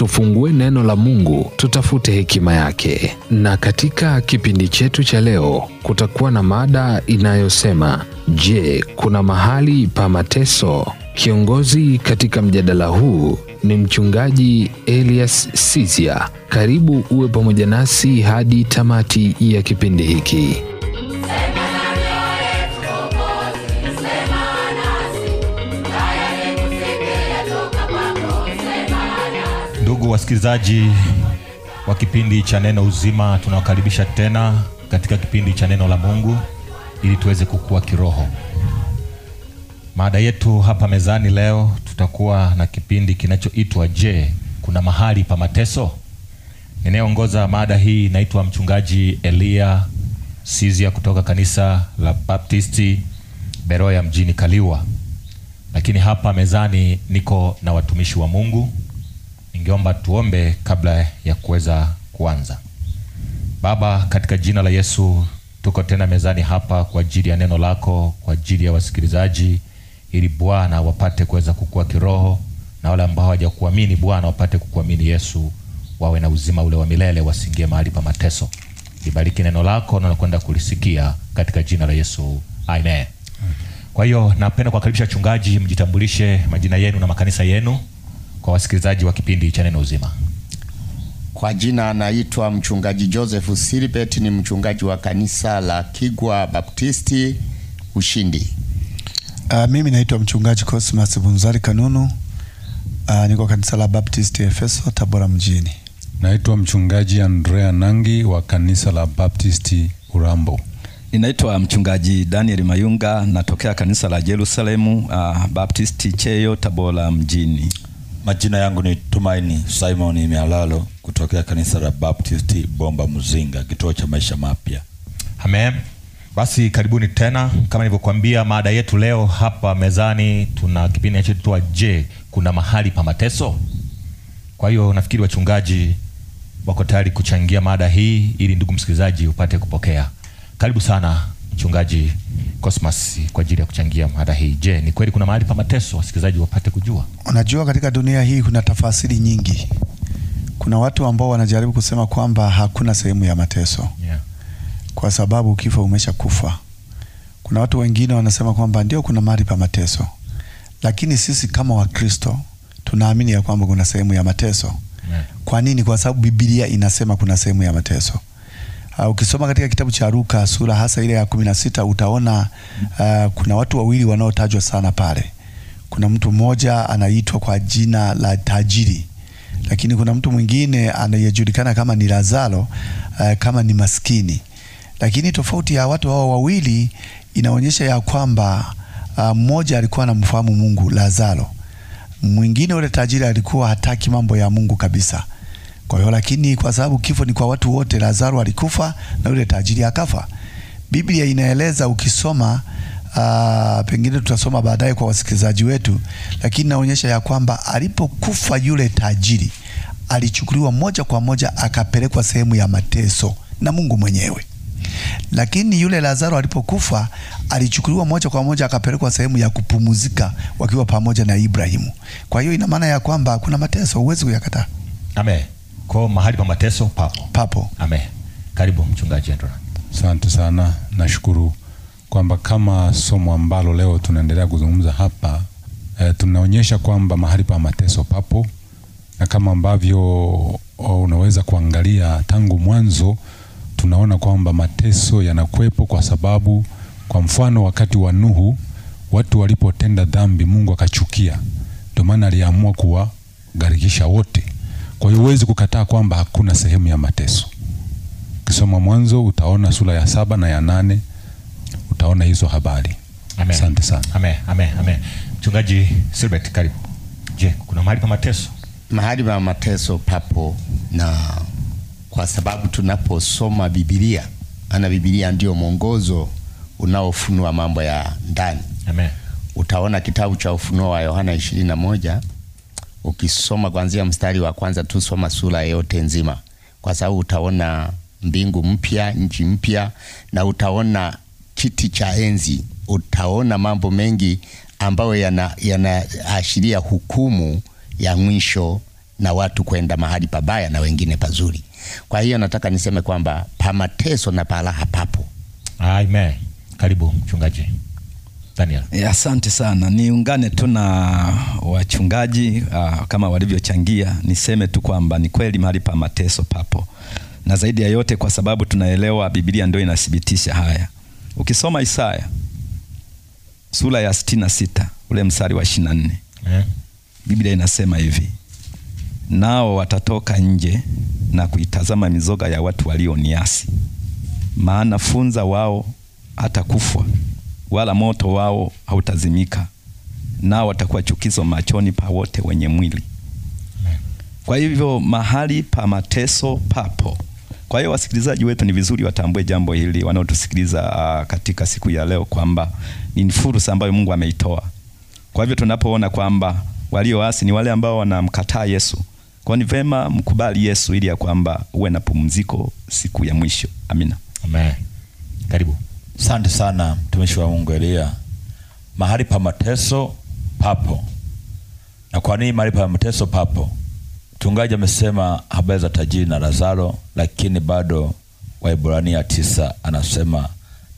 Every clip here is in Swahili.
tufungue neno la Mungu, tutafute hekima yake. Na katika kipindi chetu cha leo kutakuwa na mada inayosema, je, kuna mahali pa mateso? Kiongozi katika mjadala huu ni mchungaji Elias Sizia. Karibu uwe pamoja nasi hadi tamati ya kipindi hiki. wasikilizaji wa kipindi cha Neno Uzima, tunawakaribisha tena katika kipindi cha neno la Mungu ili tuweze kukua kiroho. Mada yetu hapa mezani leo, tutakuwa na kipindi kinachoitwa Je, kuna mahali pa mateso? Ninayeongoza mada hii naitwa Mchungaji Elia Sizia kutoka kanisa la Baptisti Beroya mjini Kaliwa, lakini hapa mezani niko na watumishi wa Mungu ningeomba tuombe kabla ya kuweza kuanza. Baba, katika jina la Yesu tuko tena mezani hapa kwa ajili ya neno lako, kwa ajili ya wasikilizaji, ili Bwana wapate kuweza kukua kiroho, na wale ambao hawajakuamini Bwana wapate kukuamini Yesu, wawe na uzima ule wa milele, wasingie mahali pa mateso. Ibariki neno lako na nakwenda kulisikia katika jina la Yesu, amen. Kwa hiyo napenda kuwakaribisha wachungaji, mjitambulishe majina yenu na makanisa yenu kwa wasikilizaji wa kipindi cha Neno Uzima. Kwa jina anaitwa mchungaji Joseph Silibet, ni mchungaji wa kanisa la Kigwa Baptisti Ushindi. Uh, mimi naitwa mchungaji Cosmas Bunzari Kanunu. Uh, niko kanisa la Baptist Efeso Tabora mjini. Naitwa mchungaji Andrea Nangi wa kanisa la Baptist Urambo. Ninaitwa mchungaji Daniel Mayunga natokea kanisa la Jerusalemu uh, Baptist Cheyo Tabora mjini. Majina yangu ni Tumaini Simon Mialalo kutokea kanisa la Baptist Bomba Mzinga, kituo cha maisha mapya. Amen. Basi karibuni tena, kama nilivyokuambia, mada yetu leo hapa mezani tuna kipindi chetu, je, kuna mahali pa mateso? Kwa hiyo nafikiri wachungaji wako tayari kuchangia mada hii ili ndugu msikilizaji upate kupokea. Karibu sana. Mchungaji Cosmas kwa ajili ya kuchangia mada hii. Je, ni kweli kuna mahali pa mateso? Wasikilizaji wapate kujua. Unajua, katika dunia hii kuna tafasiri nyingi. Kuna watu ambao wanajaribu kusema kwamba hakuna sehemu ya mateso yeah, kwa sababu umesha kufa. Kuna watu wengine wanasema kwamba ndio kuna mahali pa mateso, lakini sisi kama Wakristo tunaamini ya kwamba kuna sehemu ya mateso yeah. Kwa nini? Kwa sababu Biblia inasema kuna sehemu ya mateso uh, ukisoma katika kitabu cha Luka sura hasa ile ya kumi na sita utaona uh, kuna watu wawili wanaotajwa sana pale. Kuna mtu mmoja anaitwa kwa jina la tajiri, lakini kuna mtu mwingine anayejulikana kama ni Lazaro, uh, kama ni maskini. Lakini tofauti ya watu hao wawili inaonyesha ya kwamba mmoja alikuwa alikuwa anamfahamu Mungu, Lazaro. Mwingine ule tajiri alikuwa hataki mambo ya Mungu kabisa. Kwa hiyo lakini kwa sababu kifo ni kwa watu wote, Lazaro alikufa na yule tajiri akafa. Biblia inaeleza ukisoma, uh, pengine tutasoma baadaye kwa wasikilizaji wetu, lakini naonyesha ya kwamba alipokufa yule tajiri alichukuliwa moja kwa moja akapelekwa sehemu ya mateso na Mungu mwenyewe lakini yule Lazaro alipokufa alichukuliwa moja kwa moja akapelekwa sehemu ya kupumuzika wakiwa pamoja na Ibrahimu. Kwa hiyo ina maana ya kwamba kuna mateso, huwezi kuyakataa. Amen. Kwa mahali pa mateso papo. Papo. Amen. Karibu mchungaji Andrew. Asante sana, nashukuru kwamba kama somo ambalo leo tunaendelea kuzungumza hapa e, tunaonyesha kwamba mahali pa mateso papo, na kama ambavyo oh, unaweza kuangalia tangu mwanzo, tunaona kwamba mateso yanakuwepo kwa sababu, kwa mfano, wakati wa Nuhu watu walipotenda dhambi, Mungu akachukia, ndio maana aliamua kuwagharikisha wote. Kwa hiyo huwezi kukataa kwamba hakuna sehemu ya mateso. Ukisoma Mwanzo utaona sura ya saba na ya nane utaona hizo habari. Asante sana. Amen. Amen. Amen. Mchungaji Silbert karibu. Je, kuna mahali pa mateso? Mahali pa mateso papo, na kwa sababu tunaposoma Biblia, ana Biblia ndio mwongozo unaofunua mambo ya ndani. Amen. Utaona kitabu cha Ufunuo wa Yohana ishirini na moja ukisoma kuanzia mstari wa kwanza tu, soma sura yote nzima, kwa sababu utaona mbingu mpya, nchi mpya, na utaona kiti cha enzi, utaona mambo mengi ambayo yanaashiria yana hukumu ya mwisho na watu kwenda mahali pabaya na wengine pazuri. Kwa hiyo nataka niseme kwamba pa mateso na pa raha papo. Amen. Karibu mchungaji. Daniel. Eh, asante sana, niungane tu na wachungaji uh, kama walivyochangia. Niseme tu kwamba ni kweli mahali pa mateso papo, na zaidi ya yote kwa sababu tunaelewa Biblia ndio inathibitisha haya. Ukisoma Isaya sura ya sitini na sita ule msari wa ishirini na nne yeah. Biblia inasema hivi, nao watatoka nje na kuitazama mizoga ya watu walioniasi, maana funza wao hata kufwa wala moto wao hautazimika, nao watakuwa chukizo machoni pa wote wenye mwili. Kwa hivyo mahali pa mateso papo. Kwa hiyo wasikilizaji wetu ni vizuri watambue jambo hili wanaotusikiliza uh, katika siku ya leo kwamba ni fursa ambayo Mungu ameitoa. Kwa hivyo tunapoona kwamba walioasi ni wale ambao wanamkataa Yesu. Kwa ni vema mkubali Yesu ili ya kwamba uwe na pumziko siku ya mwisho. Amina. Amen. Karibu. Asante sana mtumishi wa Mungu Elia. Mahali pa mateso papo. Na kwa nini mahali pa mateso papo? Mchungaji amesema habari za tajiri na Lazaro, lakini bado Waibrania tisa anasema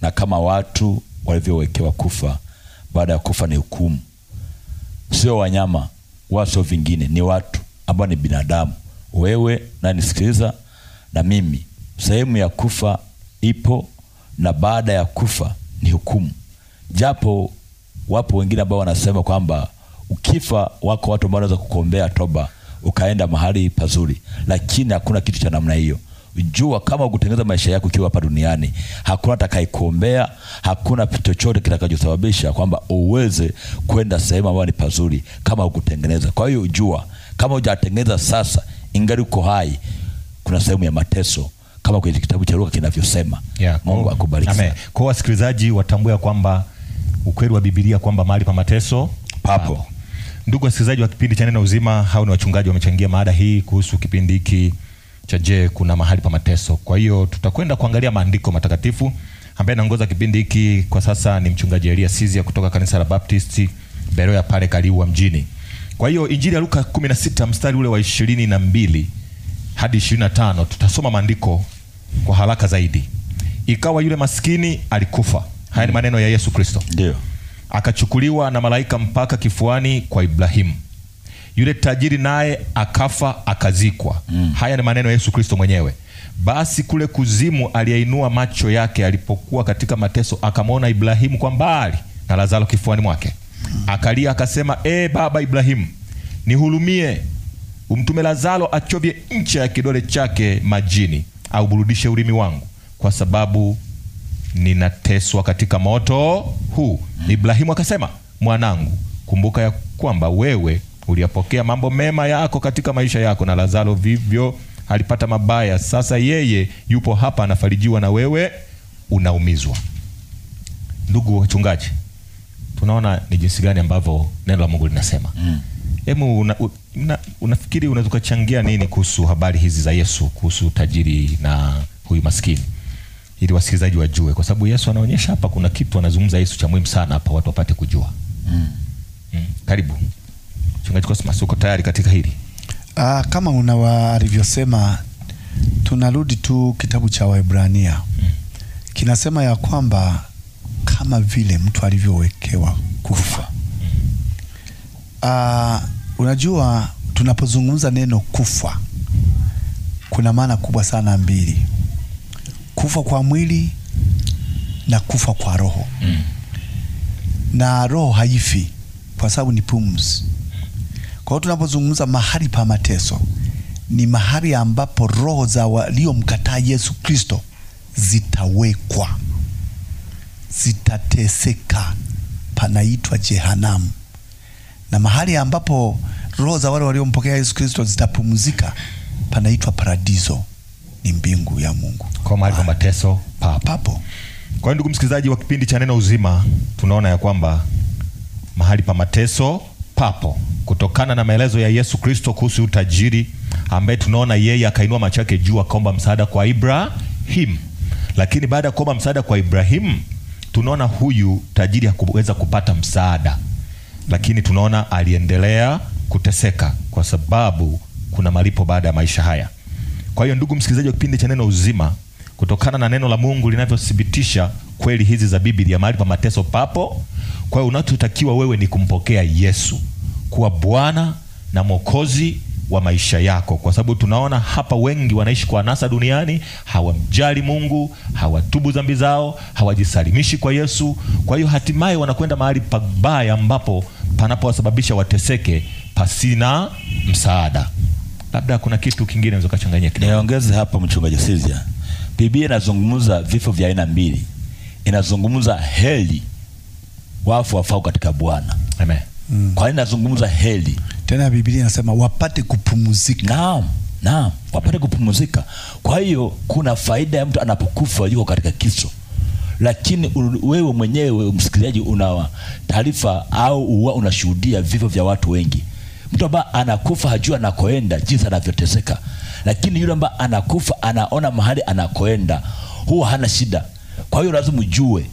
na kama watu walivyowekewa kufa, baada ya kufa ni hukumu. Sio wanyama, sio vingine, ni watu ambao ni binadamu, wewe nanisikiliza na mimi. Sehemu ya kufa ipo na baada ya kufa ni hukumu, japo wapo wengine ambao wanasema kwamba ukifa wako watu ambao wanaweza kukuombea toba ukaenda mahali pazuri, lakini hakuna kitu cha namna hiyo. Jua kama ukutengeneza maisha yako ukiwa hapa duniani, hakuna atakayekuombea, hakuna chochote kitakachosababisha kwamba uweze kwenda sehemu ambayo ni pazuri kama ukutengeneza. Kwa hiyo jua kama hujatengeneza sasa, ingali uko hai, kuna sehemu ya mateso kama kwenye kitabu cha Luka kinavyosema. Yeah, oh, Mungu akubariki. Amen. Kwa wasikilizaji watambue kwamba ukweli wa Biblia kwamba mahali pa mateso papo. Papo. Ndugu wasikilizaji wa kipindi cha Neno Uzima, hao ni wachungaji wamechangia mada hii kuhusu kipindi hiki cha je, kuna mahali pa mateso. Kwa hiyo tutakwenda kuangalia maandiko matakatifu. Ambaye anaongoza kipindi hiki kwa sasa ni mchungaji Elia Sizia kutoka kanisa la Baptisti Beroya pale Kaliua mjini. Kwa hiyo Injili ya Luka 16 mstari ule wa ishirini na mbili hadi 25. Tutasoma maandiko kwa haraka zaidi. Ikawa yule maskini alikufa. Haya ni hmm. maneno ya Yesu Kristo. Ndio. Akachukuliwa na malaika mpaka kifuani kwa Ibrahimu. Yule tajiri naye akafa akazikwa. Mm. Haya ni maneno ya Yesu Kristo mwenyewe. Basi kule kuzimu aliyeinua macho yake alipokuwa katika mateso akamwona Ibrahimu kwa mbali na Lazaro kifuani mwake. Hmm. Akalia akasema, "E Baba Ibrahimu, nihurumie Umtume Lazaro achovye ncha ya kidole chake majini, auburudishe ulimi wangu, kwa sababu ninateswa katika moto huu. Ibrahimu akasema, mwanangu, kumbuka ya kwamba wewe uliyapokea mambo mema yako katika maisha yako, na Lazaro vivyo alipata mabaya. Sasa yeye yupo hapa anafarijiwa, na wewe unaumizwa. Ndugu wachungaji, tunaona ni jinsi gani ambavyo neno la Mungu linasema mm. Hebu una, una, unafikiri unaweza kuchangia nini kuhusu habari hizi za Yesu kuhusu tajiri na huyu maskini, ili wasikilizaji wajue, kwa sababu Yesu anaonyesha hapa kuna kitu anazungumza Yesu cha muhimu sana hapa, watu wapate kujua mm. Mm. Karibu Mchungaji Cosmas, uko tayari katika hili? Aa, ah, kama una alivyosema, tunarudi tu kitabu cha Waebrania mm. kinasema ya kwamba kama vile mtu alivyowekewa kufa uh, unajua tunapozungumza neno kufa kuna maana kubwa sana mbili, kufa kwa mwili na kufa kwa roho mm. na roho haifi kwa sababu ni pumzi. Kwa hiyo tunapozungumza mahali pa mateso ni mahali ambapo roho za waliomkataa Yesu Kristo zitawekwa, zitateseka, panaitwa jehanamu na mahali ambapo roho za wale waliompokea Yesu Kristo zitapumzika panaitwa paradiso, ni mbingu ya Mungu. Kwa mahali pa ah. mateso papo. Papo. Kwa hiyo ndugu msikilizaji wa kipindi cha Neno Uzima, tunaona ya kwamba mahali pa mateso papo, kutokana na maelezo ya Yesu Kristo kuhusu utajiri, ambaye tunaona yeye akainua macho yake juu akaomba msaada kwa Ibrahim. Lakini baada ya kuomba msaada kwa Ibrahim, tunaona huyu tajiri hakuweza kupata msaada lakini tunaona aliendelea kuteseka kwa sababu kuna malipo baada ya maisha haya. Kwa hiyo ndugu msikilizaji wa kipindi cha Neno Uzima, kutokana na neno la Mungu linavyothibitisha kweli hizi za Biblia, mahali pa mateso papo. Kwa hiyo unachotakiwa wewe ni kumpokea Yesu kuwa Bwana na Mwokozi wa maisha yako, kwa sababu tunaona hapa wengi wanaishi kwa anasa duniani, hawamjali Mungu, hawatubu dhambi zao, hawajisalimishi kwa Yesu. Kwa hiyo hatimaye wanakwenda mahali pabaya ambapo panapowasababisha wateseke pasina msaada. Labda kuna kitu kingine unaweza kuchanganya kidogo. Niongeze hapa, mchungaji Sizia. Biblia inazungumza vifo vya aina mbili, inazungumza heli wafu wafao katika Bwana. Amen. Mm. Kwa nini nazungumza heli? Tena Biblia inasema wapate kupumzika. Naam, naam, wapate kupumzika. Kwa hiyo kuna faida ya mtu anapokufa yuko katika kifo, lakini wewe mwenyewe msikilizaji, una taarifa au uwa unashuhudia vifo vya watu wengi. Mtu ambaye anakufa hajua anakoenda, jinsi anavyoteseka, lakini yule ambaye anakufa anaona mahali anakoenda, huwa hana shida. Kwa hiyo lazima ujue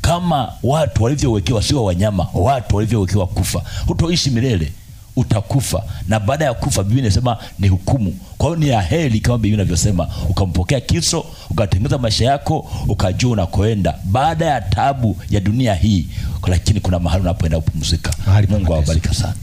kama watu walivyowekewa, sio wanyama, watu walivyowekewa kufa, hutoishi milele utakufa, na baada ya kufa Biblia inasema ni hukumu. Kwa hiyo ni ya heri kama Biblia inavyosema, ukampokea Kristo, ukatengeneza maisha yako, ukajua unakoenda baada ya tabu ya dunia hii, lakini kuna mahali unapoenda kupumzika. Mungu awabariki sana,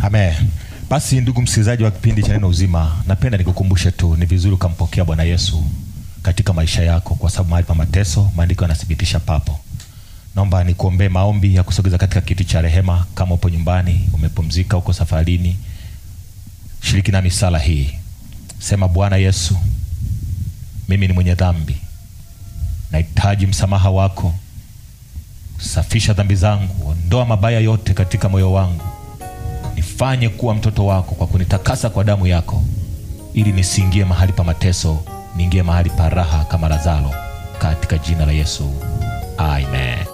amen. Basi ndugu msikilizaji wa kipindi cha Neno Uzima, napenda nikukumbushe tu, ni vizuri ukampokea Bwana Yesu katika maisha yako, kwa sababu mahali pa mateso, maandiko yanathibitisha papo naomba nikuombee maombi ya kusogeza katika kiti cha rehema. Kama upo nyumbani, umepumzika, uko safarini, shiriki nami sala hii. Sema, Bwana Yesu, mimi ni mwenye dhambi, nahitaji msamaha wako. Safisha dhambi zangu, ondoa mabaya yote katika moyo wangu, nifanye kuwa mtoto wako kwa kunitakasa kwa damu yako, ili nisiingie mahali pa mateso, niingie mahali pa raha kama Lazaro, katika jina la Yesu, amen.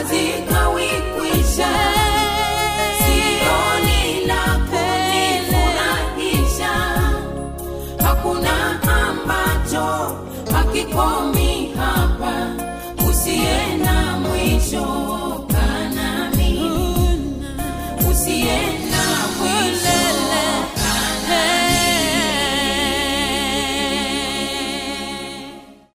Brasil.